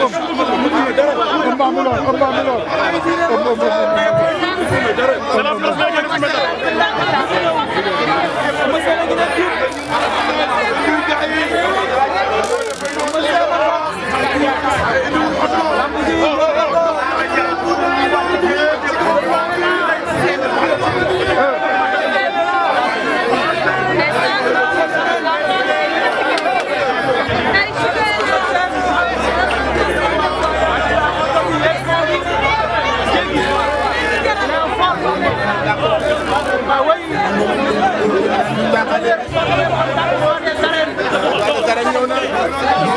om om om om Roi des arènes ñëw na